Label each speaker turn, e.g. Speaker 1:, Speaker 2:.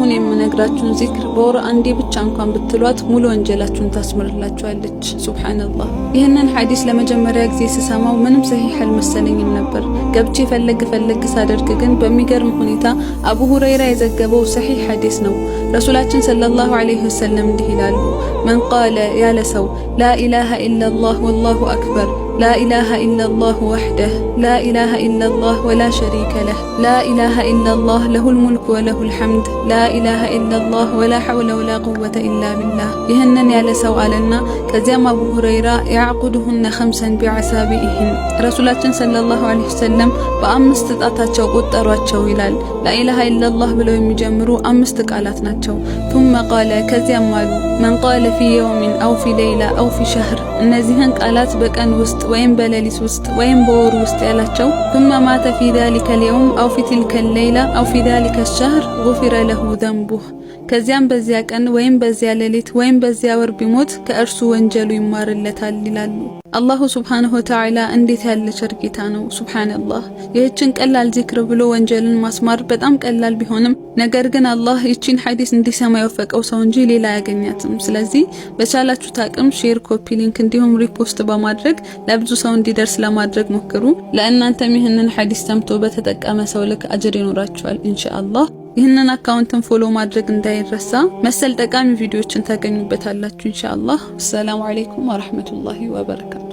Speaker 1: አሁን የምነግራችሁን ዚክር በወር አንዴ ብቻ እንኳን ብትሏት ሙሉ ወንጀላችሁን ታስምርላችኋለች። ሱብሓነላህ። ይህንን ሐዲስ ለመጀመሪያ ጊዜ ስሰማው ምንም ሰሂህ አልመሰለኝም ነበር። ገብቼ ፈለግ ፈለግ ሳደርግ ግን በሚገርም ሁኔታ አቡ ሁረይራ የዘገበው ሰሂህ ሐዲስ ነው። ረሱላችን ሰለላሁ ዐለይሂ ወሰለም እንዲህ ይላሉ፣ መን ቃለ ያለ ሰው ላ ኢላሃ ኢለላህ ወላሁ አክበር لا إله إلا الله وحده لا إله إلا الله ولا شريك له لا إله إلا الله له الملك وله الحمد لا إله إلا الله ولا حول ولا قوة إلا بالله يهنن على سوالنا كزيما أبو هريرة يعقدهن خمسا بعسابئهن رسول الله صلى الله عليه وسلم በአምስት ጣታቸው ቆጠሯቸው ይላል። ላኢላሃ ኢላላህ ብለው የሚጀምሩ አምስት ቃላት ናቸው። ثم قال كزيما من قال في يوم او في ليله او في شهر እነዚህን بك أن وسط ወይም በሌሊት ውስጥ ወይም በወሩ ውስጥ ያላቸው ህመማተ مات في ذلك اليوم أو في تلك الليلة أو في ذلك الشهر غفر له ذنبه ከዚያም በዚያ ቀን ወይም በዚያ ሌሊት ወይም በዚያ ወር ቢሞት ከእርሱ ወንጀሉ ይማርለታል ይላሉ። አላሁ ሱብሓነሁ ወተዓላ እንዴት ያለ ቸር ጌታ ነው! ሱብሓነላህ። ይህችን ቀላል ዚክር ብሎ ወንጀልን ማስማር በጣም ቀላል ቢሆንም ነገር ግን አላህ ይቺን ሐዲስ እንዲሰማ የወፈቀው ሰው እንጂ ሌላ አያገኛትም። ስለዚህ በቻላችሁት አቅም ሼር፣ ኮፒ ሊንክ እንዲሁም ሪፖስት በማድረግ ለብዙ ሰው እንዲደርስ ለማድረግ ሞክሩ። ለእናንተም ይህንን ሐዲስ ሰምቶ በተጠቀመ ሰው ልክ አጅር ይኖራችኋል ኢንሻአላህ። ይህንን አካውንትን ፎሎ ማድረግ እንዳይረሳ። መሰል ጠቃሚ ቪዲዮዎችን ታገኙበታላችሁ ኢንሻአላህ።
Speaker 2: ሰላም አለይኩም ወራህመቱላሂ ወበረካቱ